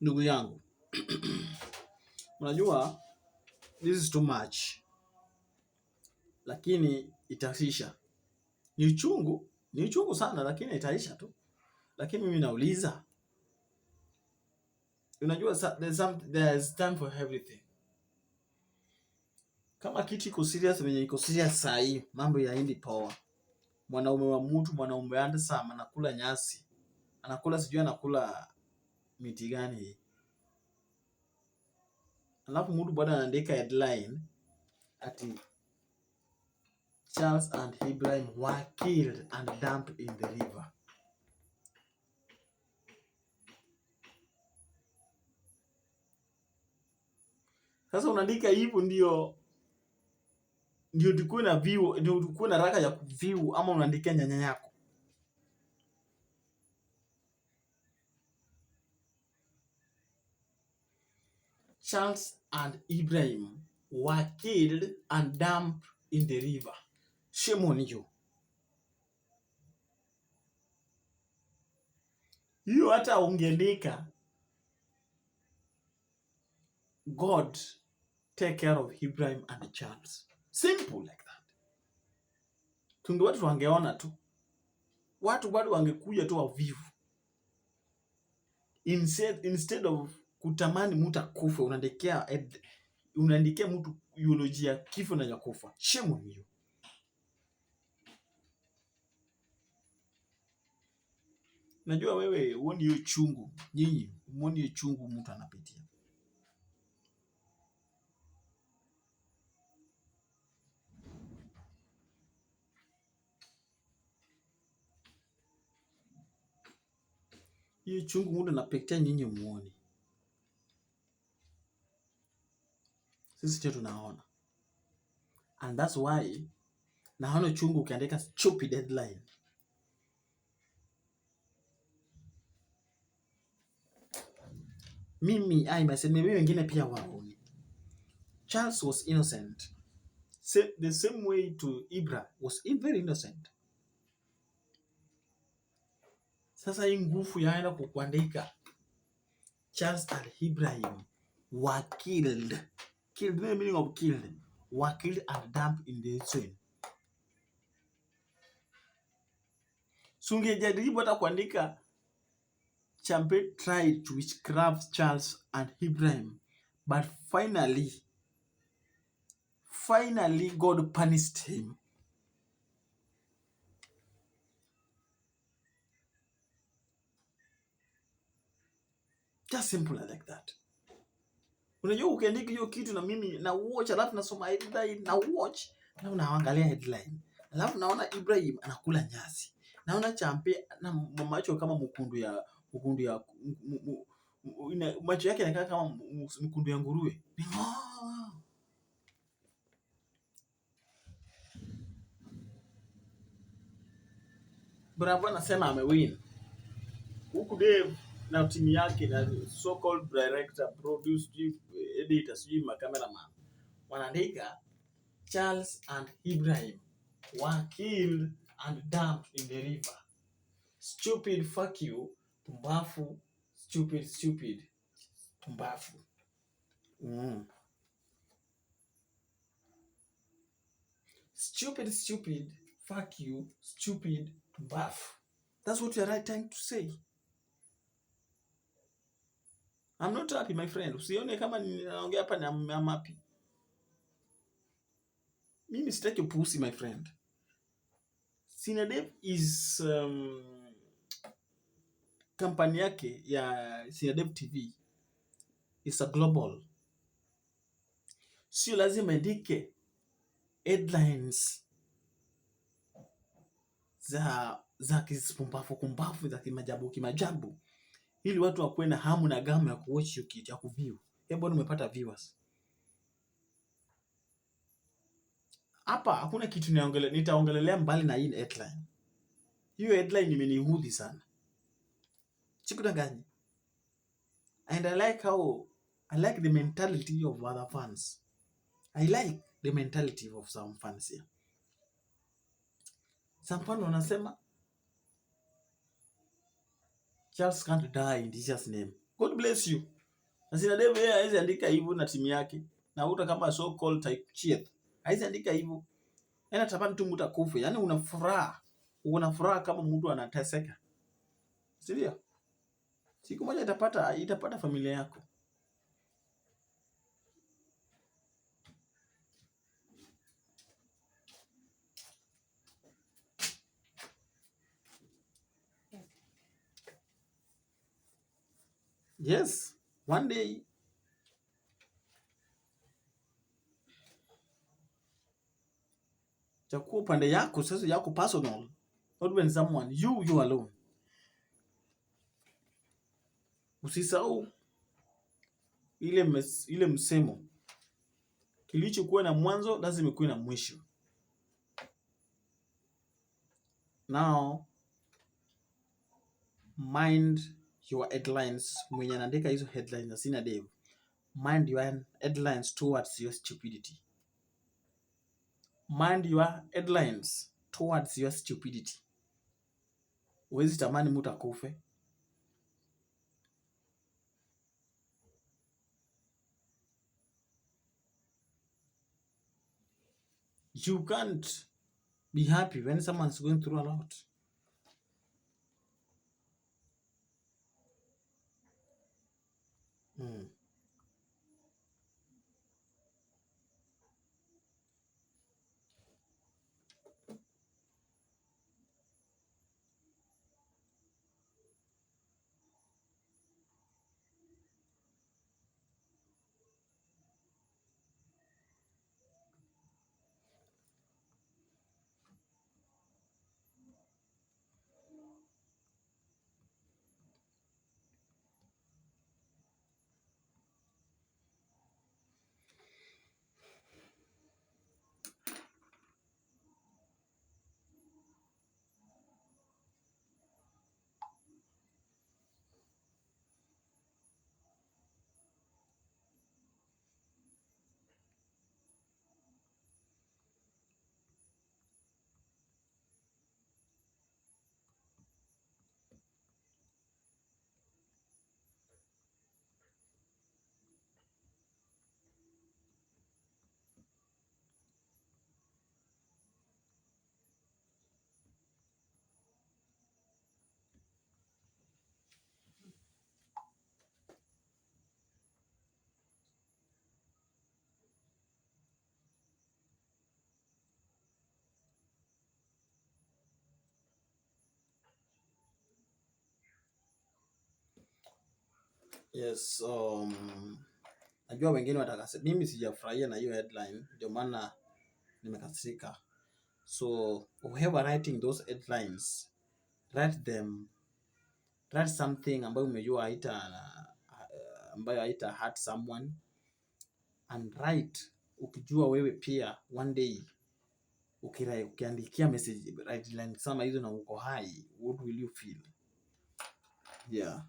ndugu yangu unajua this is too much, lakini itaisha. Ni uchungu, ni uchungu sana, lakini itaisha tu. Lakini mimi nauliza, unajua there's some, there's time for everything. Kama kitu iko serious, mwenye iko serious saa hii, mambo yaendi poa. Mwanaume wa mtu mwanaume anda sama anakula nyasi, anakula sijui, anakula miti gani hii? Alafu mtu bado anaandika headline ati Charles and Ibrahim were killed and dumped in the river. Sasa unaandika hivyo ndio ndio tukue na view, ndio tukue na raka ya view ama unaandika nyanya yako Charles and Ibrahim were killed and dumped in the river. Shame on you. Hiyo hata ungeandika God take care of Ibrahim and Charles. Simple like that. Tunge watu wangeona tu, watu bado wangekuja tu wavivu instead, instead of kutamani mtu akufe, unaandikia unaandikia mtu eulogy ya kifo na ya kufa. Shemu hiyo. Najua wewe uoni hiyo chungu, nyinyi muoni hiyo chungu mtu anapitia. Hiyo chungu mtu anapitia, nyinyi muoni Sisi cho tunaona. And that's why naona chungu ukiandika stupid deadline. Mimi ai maseme mimi wengine pia wao. Charles was innocent. The same way to Ibra was very innocent. Sasa hii nguvu yaenda kukuandika Charles al Ibrahim were killed. killed, the meaning of killed, were killed and dumped in the train. Sungejaribu hata kuandika Champe tried to witchcraft Charles and Ibrahim, but finally, finally God punished him. Just simple like that. Unajua ukiandika hiyo kitu na mimi na watch alafu nasoma headline na watch na unaangalia headline. Alafu naona Ibrahim anakula nyasi. Naona champe na macho kama mkundu ya mkundu ya macho yake yanakaa kama mkundu ya nguruwe. Bravo anasema amewin. Huku Dave na timu yake na so called director producer, sijui editor, sijui makameraman wanaandika Charles and Ibrahim were killed and dumped in the river. Stupid, fuck you, pumbafu, stupid, stupid, pumbafu. Mm. Stupid, stupid, fuck you, stupid, pumbafu. That's what you're right trying to say. I'm not happy my friend. Usione kama ninaongea hapa na I'm happy. Mimi sitaki upusi my friend. Sinadev is um, kampani yake ya Sinadev TV is a global. Sio lazima ndike headlines za za kispumbafu kumbafu za kimajabu kimajabu ili watu wakuwe na hamu na gamu ya kuwatch hiyo kitu ya kuview. Hebu umepata viewers hapa. Hakuna kitu niongelea, nitaongelelea mbali na hii headline. Hiyo headline imenihudhi sana, sikudanganyi. And I like how I like the mentality of other fans. I like the mentality of some fans here. Some fans wanasema Charles can't die in Jesus name. God bless you. Na sina devu yeye eh, haizi andika hivyo na timu yake. Na uta kama so called type cheat. Haizi andika hivyo. Yaani tapani tu mtu akufa. Yaani una furaha. Una furaha kama mtu anateseka. Sivyo? Siku moja itapata itapata familia yako. Yes, one day. Chakuwa upande yako sasa, yako personal, not when someone you you alone. Usisahau ile, mes, ile msemo kilichokuwa na mwanzo lazima kuwe na mwisho. Now mind your headlines mwenye anaandika hizo headlines na sina dev. Mind your headlines towards your stupidity. Mind your headlines towards your stupidity. Huwezi tamani mtu akufe. You can't be happy when someone's going through a lot. Hmm. Yes, um, najua wengine watakase, mimi sijafurahia na hiyo headline, ndio maana nimekasirika. So whoever writing those headlines write them, write something ambayo umejua haita uh, ambayo haita hurt someone and write ukijua wewe pia one day ukira, ukiandikia message headline kama hizo na uko hai, what will you feel? Yeah.